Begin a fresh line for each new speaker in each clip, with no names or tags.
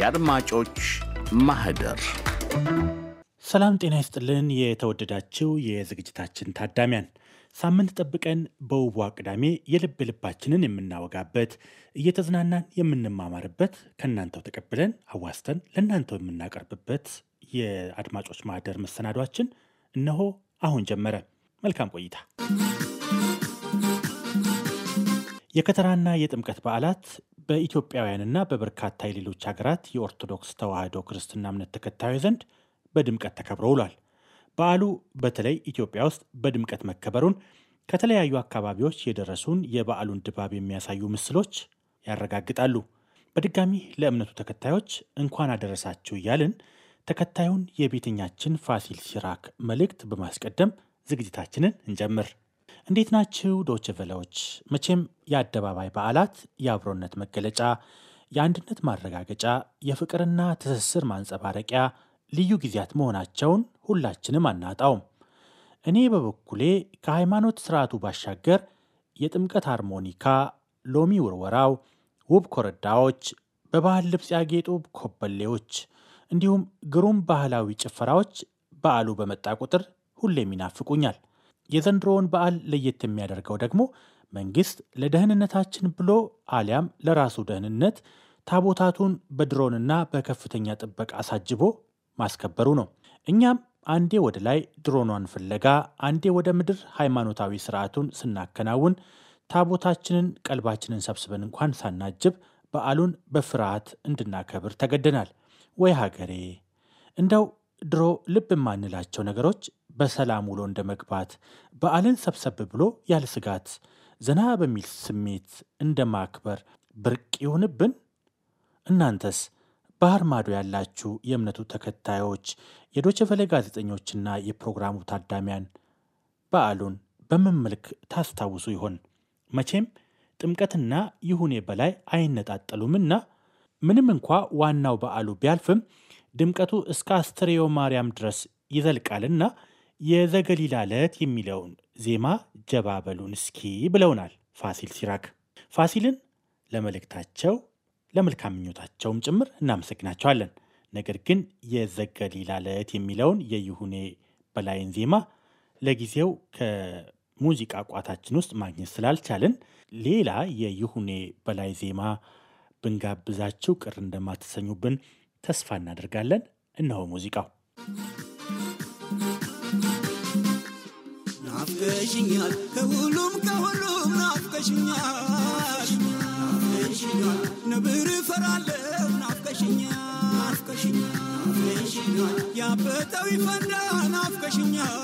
የአድማጮች ማህደር ሰላም ጤና ይስጥልን። የተወደዳችው የዝግጅታችን ታዳሚያን ሳምንት ጠብቀን በውቧ ቅዳሜ የልብ ልባችንን የምናወጋበት እየተዝናናን የምንማማርበት ከእናንተው ተቀብለን አዋስተን ለእናንተው የምናቀርብበት የአድማጮች ማህደር መሰናዷችን እነሆ አሁን ጀመረ። መልካም ቆይታ። የከተራና የጥምቀት በዓላት በኢትዮጵያውያንና በበርካታ የሌሎች ሀገራት የኦርቶዶክስ ተዋሕዶ ክርስትና እምነት ተከታዮች ዘንድ በድምቀት ተከብሮ ውሏል። በዓሉ በተለይ ኢትዮጵያ ውስጥ በድምቀት መከበሩን ከተለያዩ አካባቢዎች የደረሱን የበዓሉን ድባብ የሚያሳዩ ምስሎች ያረጋግጣሉ። በድጋሚ ለእምነቱ ተከታዮች እንኳን አደረሳችሁ እያልን ተከታዩን የቤተኛችን ፋሲል ሲራክ መልእክት በማስቀደም ዝግጅታችንን እንጀምር። እንዴት ናችሁ ዶች ቨለዎች? መቼም የአደባባይ በዓላት የአብሮነት መገለጫ፣ የአንድነት ማረጋገጫ፣ የፍቅርና ትስስር ማንጸባረቂያ ልዩ ጊዜያት መሆናቸውን ሁላችንም አናጣውም። እኔ በበኩሌ ከሃይማኖት ስርዓቱ ባሻገር የጥምቀት ሃርሞኒካ፣ ሎሚ ውርወራው፣ ውብ ኮረዳዎች፣ በባህል ልብስ ያጌጡ ኮበሌዎች እንዲሁም ግሩም ባህላዊ ጭፈራዎች በዓሉ በመጣ ቁጥር ሁሌም ይናፍቁኛል። የዘንድሮውን በዓል ለየት የሚያደርገው ደግሞ መንግስት ለደህንነታችን ብሎ አሊያም ለራሱ ደህንነት ታቦታቱን በድሮንና በከፍተኛ ጥበቃ አሳጅቦ ማስከበሩ ነው። እኛም አንዴ ወደ ላይ ድሮኗን ፍለጋ፣ አንዴ ወደ ምድር ሃይማኖታዊ ስርዓቱን ስናከናውን ታቦታችንን ቀልባችንን ሰብስበን እንኳን ሳናጅብ በዓሉን በፍርሃት እንድናከብር ተገደናል። ወይ ሀገሬ! እንደው ድሮ ልብ የማንላቸው ነገሮች በሰላም ውሎ እንደ መግባት በዓልን ሰብሰብ ብሎ ያለ ስጋት ዘና በሚል ስሜት እንደ ማክበር ብርቅ ይሆንብን እናንተስ ባህር ማዶ ያላችሁ የእምነቱ ተከታዮች የዶቼ ቬለ ጋዜጠኞችና የፕሮግራሙ ታዳሚያን በዓሉን በምን መልክ ታስታውሱ ይሆን? መቼም ጥምቀትና ይሁኔ በላይ አይነጣጠሉምና ምንም እንኳ ዋናው በዓሉ ቢያልፍም ድምቀቱ እስከ አስተርዮ ማርያም ድረስ ይዘልቃልና የዘገሊላ ዕለት የሚለውን ዜማ ጀባ በሉን እስኪ ብለውናል ፋሲል ሲራክ። ፋሲልን ለመልእክታቸው ለመልካም ምኞታቸውም ጭምር እናመሰግናቸዋለን። ነገር ግን የዘገሊላ ዕለት የሚለውን የይሁኔ በላይን ዜማ ለጊዜው ከሙዚቃ ቋታችን ውስጥ ማግኘት ስላልቻልን ሌላ የይሁኔ በላይ ዜማ ብንጋብዛችሁ ቅር እንደማትሰኙብን ተስፋ እናደርጋለን። እነሆ ሙዚቃው
ናፍቀሽኛል ከሁሉም ከሁሉም ናፍቀሽኛል ነብር ፈራለው ናፍቀሽኛል ያበጠው ይፈንዳ ናፍቀሽኛል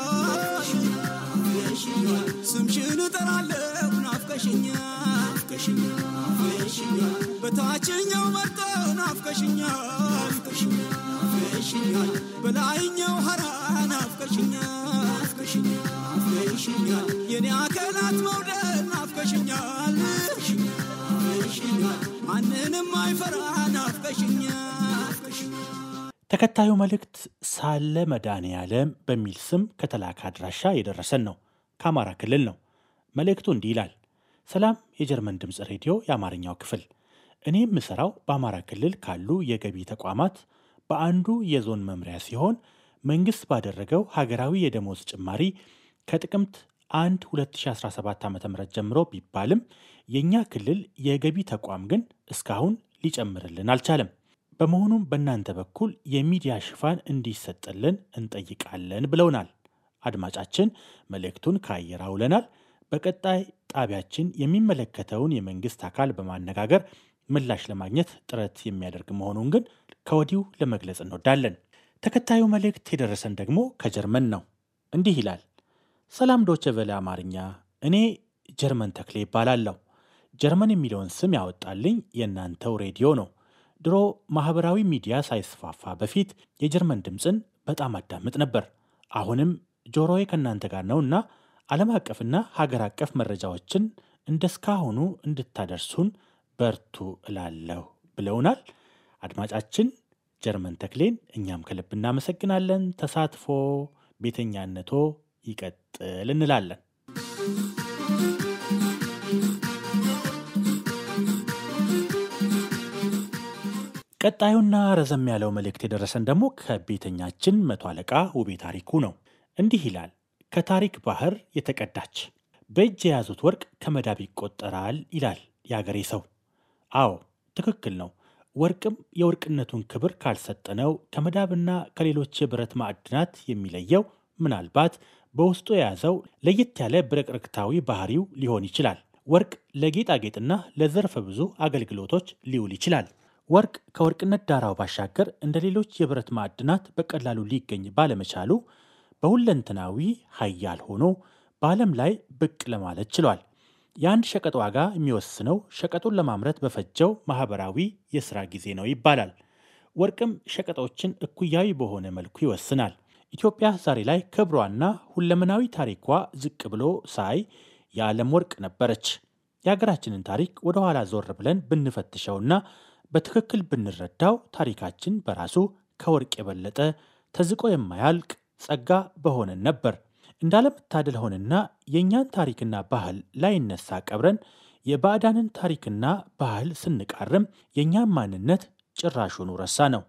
ስምሽን እጠራለው ናፍቀሽኛል በታችኛው መርጠው ናፍቀሽኛል በላይኛው ሀራ ናፍቀሽኛል ናፍቀሽኛል የኔ አካላት መውደድ ናፍቀሽኛል ማንንም አይፈራ ናፍቀሽኛል
ተከታዩ መልእክት ሳለ መድኃኔ ዓለም በሚል ስም ከተላከ አድራሻ የደረሰን ነው። ከአማራ ክልል ነው። መልእክቱ እንዲህ ይላል። ሰላም የጀርመን ድምፅ ሬዲዮ የአማርኛው ክፍል። እኔ የምሰራው በአማራ ክልል ካሉ የገቢ ተቋማት በአንዱ የዞን መምሪያ ሲሆን መንግስት ባደረገው ሀገራዊ የደሞዝ ጭማሪ ከጥቅምት 1 2017 ዓ ም ጀምሮ ቢባልም የእኛ ክልል የገቢ ተቋም ግን እስካሁን ሊጨምርልን አልቻለም። በመሆኑም በእናንተ በኩል የሚዲያ ሽፋን እንዲሰጥልን እንጠይቃለን ብለውናል። አድማጫችን መልእክቱን ከአየር አውለናል። በቀጣይ ጣቢያችን የሚመለከተውን የመንግስት አካል በማነጋገር ምላሽ ለማግኘት ጥረት የሚያደርግ መሆኑን ግን ከወዲሁ ለመግለጽ እንወዳለን። ተከታዩ መልእክት የደረሰን ደግሞ ከጀርመን ነው። እንዲህ ይላል። ሰላም ዶቸ ቬለ አማርኛ። እኔ ጀርመን ተክሌ ይባላለሁ። ጀርመን የሚለውን ስም ያወጣልኝ የእናንተው ሬዲዮ ነው። ድሮ ማኅበራዊ ሚዲያ ሳይስፋፋ በፊት የጀርመን ድምፅን በጣም አዳምጥ ነበር። አሁንም ጆሮዬ ከእናንተ ጋር ነውና ዓለም አቀፍና ሀገር አቀፍ መረጃዎችን እንደ እስካሁኑ እንድታደርሱን በርቱ እላለሁ ብለውናል። አድማጫችን ጀርመን ተክሌን እኛም ከልብ እናመሰግናለን። ተሳትፎ ቤተኛነቶ ይቀጥል እንላለን። ቀጣዩና ረዘም ያለው መልእክት የደረሰን ደግሞ ከቤተኛችን መቶ አለቃ ውቤ ታሪኩ ነው። እንዲህ ይላል። ከታሪክ ባህር የተቀዳች በእጅ የያዙት ወርቅ ከመዳብ ይቆጠራል ይላል የአገሬ ሰው። አዎ ትክክል ነው። ወርቅም የወርቅነቱን ክብር ካልሰጠነው ከመዳብና ከሌሎች የብረት ማዕድናት የሚለየው ምናልባት በውስጡ የያዘው ለየት ያለ ብረቅርቅታዊ ባህሪው ሊሆን ይችላል። ወርቅ ለጌጣጌጥና ለዘርፈ ብዙ አገልግሎቶች ሊውል ይችላል። ወርቅ ከወርቅነት ዳራው ባሻገር እንደ ሌሎች የብረት ማዕድናት በቀላሉ ሊገኝ ባለመቻሉ በሁለንትናዊ ሀያል ሆኖ በዓለም ላይ ብቅ ለማለት ችሏል። የአንድ ሸቀጥ ዋጋ የሚወስነው ሸቀጡን ለማምረት በፈጀው ማህበራዊ የስራ ጊዜ ነው ይባላል። ወርቅም ሸቀጦችን እኩያዊ በሆነ መልኩ ይወስናል። ኢትዮጵያ ዛሬ ላይ ክብሯና ሁለመናዊ ታሪኳ ዝቅ ብሎ ሳይ የዓለም ወርቅ ነበረች። የሀገራችንን ታሪክ ወደ ኋላ ዞር ብለን ብንፈትሸውና በትክክል ብንረዳው ታሪካችን በራሱ ከወርቅ የበለጠ ተዝቆ የማያልቅ ጸጋ በሆነን ነበር። እንዳለመታደል ሆንና የእኛን ታሪክና ባህል ላይነሳ ቀብረን የባዕዳንን ታሪክና ባህል ስንቃርም የእኛን ማንነት ጭራሹኑ ረሳ ነው።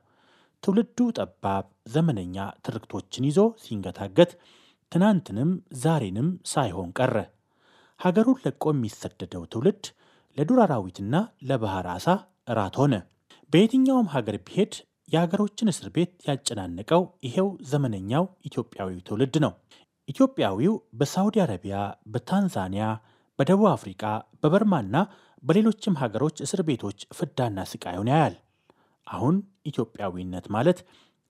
ትውልዱ ጠባብ ዘመነኛ ትርክቶችን ይዞ ሲንገታገት ትናንትንም ዛሬንም ሳይሆን ቀረ። ሀገሩን ለቆ የሚሰደደው ትውልድ ለዱር አራዊትና ለባህር አሳ እራት ሆነ። በየትኛውም ሀገር ቢሄድ የሀገሮችን እስር ቤት ያጨናነቀው ይሄው ዘመነኛው ኢትዮጵያዊ ትውልድ ነው። ኢትዮጵያዊው በሳውዲ አረቢያ፣ በታንዛኒያ፣ በደቡብ አፍሪካ፣ በበርማና በሌሎችም ሀገሮች እስር ቤቶች ፍዳና ስቃዩን ያያል። አሁን ኢትዮጵያዊነት ማለት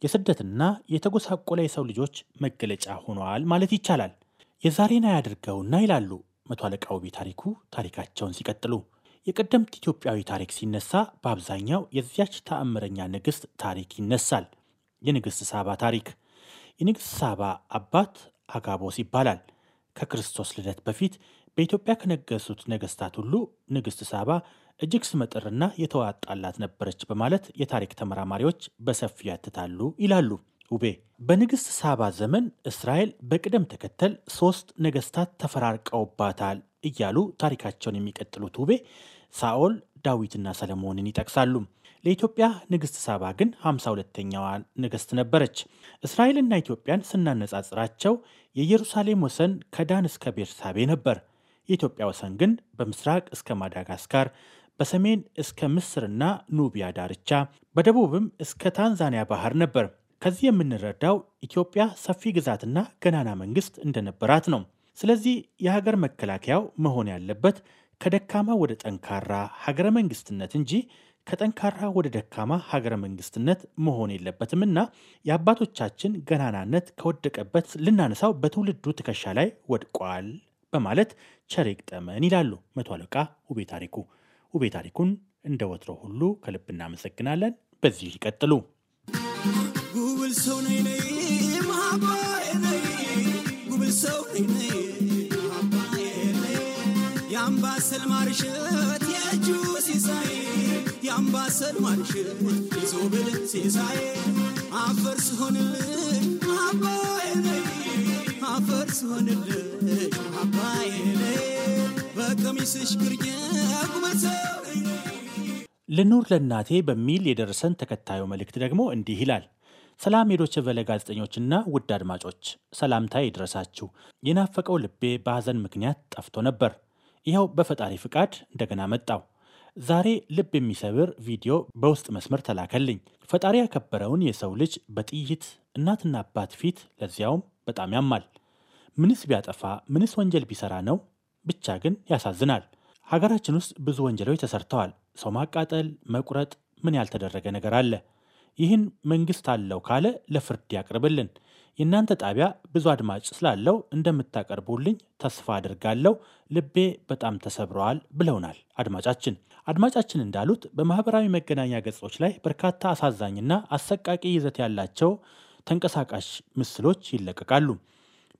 የስደትና የተጎሳቆለ የሰው ልጆች መገለጫ ሆኗል ማለት ይቻላል። የዛሬን አያድርገውና ይላሉ መቶ አለቃ ውቤ ታሪኩ ታሪካቸውን ሲቀጥሉ። የቀደምት ኢትዮጵያዊ ታሪክ ሲነሳ በአብዛኛው የዚያች ተአምረኛ ንግሥት ታሪክ ይነሳል። የንግሥት ሳባ ታሪክ የንግሥት ሳባ አባት አጋቦስ ይባላል። ከክርስቶስ ልደት በፊት በኢትዮጵያ ከነገሱት ነገስታት ሁሉ ንግሥት ሳባ እጅግ ስመጥርና የተዋጣላት ነበረች በማለት የታሪክ ተመራማሪዎች በሰፊው ያትታሉ ይላሉ ውቤ። በንግሥት ሳባ ዘመን እስራኤል በቅደም ተከተል ሶስት ነገስታት ተፈራርቀውባታል እያሉ ታሪካቸውን የሚቀጥሉት ውቤ ሳኦል፣ ዳዊትና ሰለሞንን ይጠቅሳሉ። ለኢትዮጵያ ንግሥት ሳባ ግን 52ተኛዋ ንግሥት ነበረች። እስራኤልና ኢትዮጵያን ስናነጻጽራቸው የኢየሩሳሌም ወሰን ከዳን እስከ ቤርሳቤ ነበር። የኢትዮጵያ ወሰን ግን በምስራቅ እስከ ማዳጋስካር በሰሜን እስከ ምስርና ኑቢያ ዳርቻ፣ በደቡብም እስከ ታንዛኒያ ባህር ነበር። ከዚህ የምንረዳው ኢትዮጵያ ሰፊ ግዛትና ገናና መንግስት እንደነበራት ነው። ስለዚህ የሀገር መከላከያው መሆን ያለበት ከደካማ ወደ ጠንካራ ሀገረ መንግስትነት እንጂ ከጠንካራ ወደ ደካማ ሀገረ መንግስትነት መሆን የለበትምና የአባቶቻችን ገናናነት ከወደቀበት ልናነሳው በትውልዱ ትከሻ ላይ ወድቋል በማለት ቸር ጠመን ይላሉ መቶ አለቃ ውቤ ታሪኩ። ውቤ ታሪኩን እንደ ወትሮ ሁሉ ከልብ እናመሰግናለን። በዚህ ይቀጥሉ።
ጉብል ሰው የአምባሰል ማርሸት የእጁ ሲሳይ የአምባሰል ማርሸት ይዞ ብል ሲሳይ አፈር ሲሆንልኝ አባዬ ነይ አፈር ሲሆንልኝ አባዬ ነይ
ልኑር ለእናቴ በሚል የደረሰን ተከታዩ መልእክት ደግሞ እንዲህ ይላል። ሰላም የዶቸ ቨለ ጋዜጠኞችና ውድ አድማጮች ሰላምታ ይድረሳችሁ። የናፈቀው ልቤ በሐዘን ምክንያት ጠፍቶ ነበር። ይኸው በፈጣሪ ፍቃድ እንደገና መጣው። ዛሬ ልብ የሚሰብር ቪዲዮ በውስጥ መስመር ተላከልኝ። ፈጣሪ ያከበረውን የሰው ልጅ በጥይት እናትና አባት ፊት፣ ለዚያውም በጣም ያማል። ምንስ ቢያጠፋ ምንስ ወንጀል ቢሰራ ነው ብቻ ግን ያሳዝናል። ሀገራችን ውስጥ ብዙ ወንጀሎች ተሰርተዋል። ሰው ማቃጠል፣ መቁረጥ፣ ምን ያልተደረገ ነገር አለ? ይህን መንግስት አለው ካለ ለፍርድ ያቅርብልን። የእናንተ ጣቢያ ብዙ አድማጭ ስላለው እንደምታቀርቡልኝ ተስፋ አድርጋለሁ። ልቤ በጣም ተሰብረዋል ብለውናል አድማጫችን። አድማጫችን እንዳሉት በማህበራዊ መገናኛ ገጾች ላይ በርካታ አሳዛኝና አሰቃቂ ይዘት ያላቸው ተንቀሳቃሽ ምስሎች ይለቀቃሉ።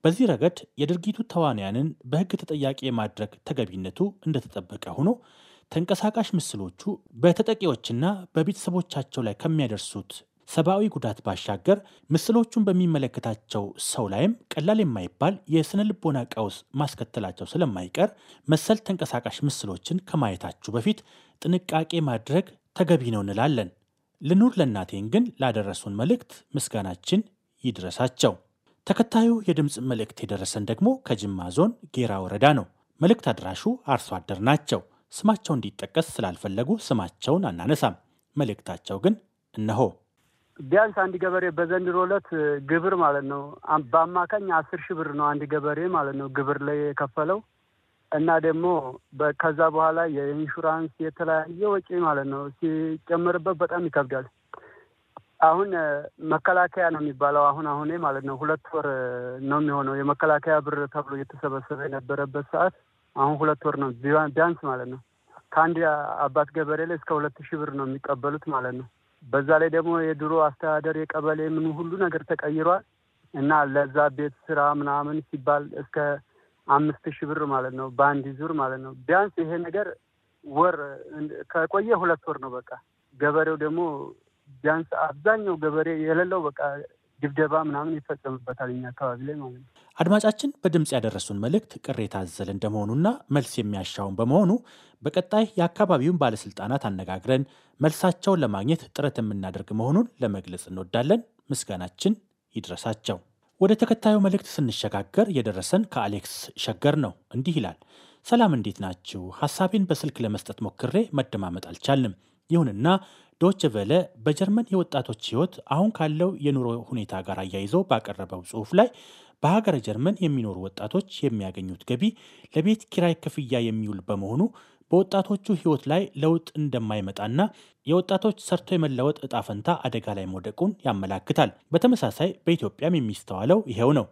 በዚህ ረገድ የድርጊቱ ተዋንያንን በሕግ ተጠያቂ የማድረግ ተገቢነቱ እንደተጠበቀ ሆኖ ተንቀሳቃሽ ምስሎቹ በተጠቂዎችና በቤተሰቦቻቸው ላይ ከሚያደርሱት ሰብአዊ ጉዳት ባሻገር ምስሎቹን በሚመለከታቸው ሰው ላይም ቀላል የማይባል የስነ ልቦና ቀውስ ማስከተላቸው ስለማይቀር መሰል ተንቀሳቃሽ ምስሎችን ከማየታችሁ በፊት ጥንቃቄ ማድረግ ተገቢ ነው እንላለን። ልኑር ለእናቴን ግን ላደረሱን መልእክት ምስጋናችን ይድረሳቸው። ተከታዩ የድምፅ መልእክት የደረሰን ደግሞ ከጅማ ዞን ጌራ ወረዳ ነው። መልእክት አድራሹ አርሶ አደር ናቸው። ስማቸው እንዲጠቀስ ስላልፈለጉ ስማቸውን አናነሳም። መልእክታቸው ግን እነሆ።
ቢያንስ አንድ ገበሬ በዘንድሮ ዕለት ግብር ማለት ነው በአማካኝ አስር ሺህ ብር ነው አንድ ገበሬ ማለት ነው ግብር ላይ የከፈለው እና ደግሞ ከዛ በኋላ የኢንሹራንስ የተለያየ ወጪ ማለት ነው ሲጨምርበት በጣም ይከብዳል። አሁን መከላከያ ነው የሚባለው አሁን አሁኔ ማለት ነው ሁለት ወር ነው የሚሆነው የመከላከያ ብር ተብሎ እየተሰበሰበ የነበረበት ሰዓት አሁን ሁለት ወር ነው ቢያንስ ማለት ነው። ከአንድ አባት ገበሬ ላይ እስከ ሁለት ሺህ ብር ነው የሚቀበሉት ማለት ነው። በዛ ላይ ደግሞ የድሮ አስተዳደር የቀበሌ ምን ሁሉ ነገር ተቀይሯል እና ለዛ ቤት ስራ ምናምን ሲባል እስከ አምስት ሺህ ብር ማለት ነው በአንድ ዙር ማለት ነው። ቢያንስ ይሄ ነገር ወር ከቆየ ሁለት ወር ነው በቃ ገበሬው ደግሞ ቢያንስ አብዛኛው ገበሬ የሌለው በቃ ድብደባ ምናምን ይፈጸምበታል እኛ አካባቢ ላይ ማለት ነው።
አድማጫችን በድምፅ ያደረሱን መልእክት ቅሬታ አዘል እንደመሆኑና መልስ የሚያሻውን በመሆኑ በቀጣይ የአካባቢውን ባለስልጣናት አነጋግረን መልሳቸውን ለማግኘት ጥረት የምናደርግ መሆኑን ለመግለጽ እንወዳለን። ምስጋናችን ይድረሳቸው። ወደ ተከታዩ መልእክት ስንሸጋገር የደረሰን ከአሌክስ ሸገር ነው። እንዲህ ይላል። ሰላም፣ እንዴት ናችሁ? ሀሳቤን በስልክ ለመስጠት ሞክሬ መደማመጥ አልቻልንም። ይሁንና ዶች ቨለ በጀርመን የወጣቶች ሕይወት አሁን ካለው የኑሮ ሁኔታ ጋር አያይዘው ባቀረበው ጽሑፍ ላይ በሀገረ ጀርመን የሚኖሩ ወጣቶች የሚያገኙት ገቢ ለቤት ኪራይ ክፍያ የሚውል በመሆኑ በወጣቶቹ ሕይወት ላይ ለውጥ እንደማይመጣና የወጣቶች ሰርቶ የመለወጥ እጣ ፈንታ አደጋ ላይ መውደቁን ያመላክታል። በተመሳሳይ በኢትዮጵያም የሚስተዋለው ይሄው ነው።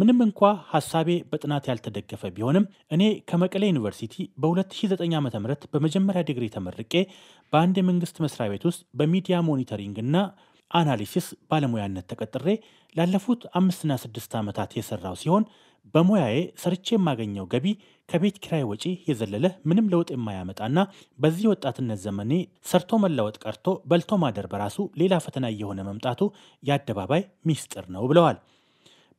ምንም እንኳ ሀሳቤ በጥናት ያልተደገፈ ቢሆንም እኔ ከመቀሌ ዩኒቨርሲቲ በ2009 ዓ ም በመጀመሪያ ዲግሪ ተመርቄ በአንድ የመንግስት መስሪያ ቤት ውስጥ በሚዲያ ሞኒተሪንግ እና አናሊሲስ ባለሙያነት ተቀጥሬ ላለፉት አምስትና ስድስት ዓመታት የሰራው ሲሆን በሙያዬ ሰርቼ የማገኘው ገቢ ከቤት ኪራይ ወጪ የዘለለ ምንም ለውጥ የማያመጣና በዚህ ወጣትነት ዘመኔ ሰርቶ መለወጥ ቀርቶ በልቶ ማደር በራሱ ሌላ ፈተና እየሆነ መምጣቱ የአደባባይ ሚስጥር ነው ብለዋል።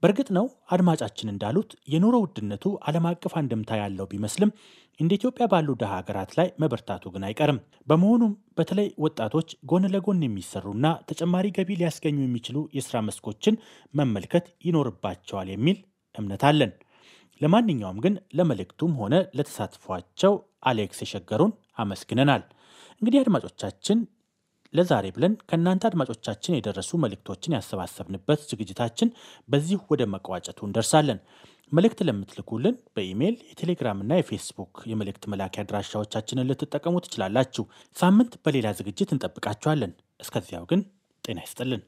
በእርግጥ ነው አድማጫችን እንዳሉት የኑሮ ውድነቱ ዓለም አቀፍ አንድምታ ያለው ቢመስልም እንደ ኢትዮጵያ ባሉ ድሃ ሀገራት ላይ መበርታቱ ግን አይቀርም። በመሆኑም በተለይ ወጣቶች ጎን ለጎን የሚሰሩና ተጨማሪ ገቢ ሊያስገኙ የሚችሉ የስራ መስኮችን መመልከት ይኖርባቸዋል የሚል እምነት አለን። ለማንኛውም ግን ለመልእክቱም ሆነ ለተሳትፏቸው አሌክስ የሸገሩን አመስግነናል። እንግዲህ አድማጮቻችን ለዛሬ ብለን ከእናንተ አድማጮቻችን የደረሱ መልእክቶችን ያሰባሰብንበት ዝግጅታችን በዚሁ ወደ መቋጨቱ እንደርሳለን። መልእክት ለምትልኩልን በኢሜይል የቴሌግራምና የፌስቡክ የመልእክት መላኪያ አድራሻዎቻችንን ልትጠቀሙ ትችላላችሁ። ሳምንት በሌላ ዝግጅት እንጠብቃችኋለን። እስከዚያው ግን ጤና ይስጥልን።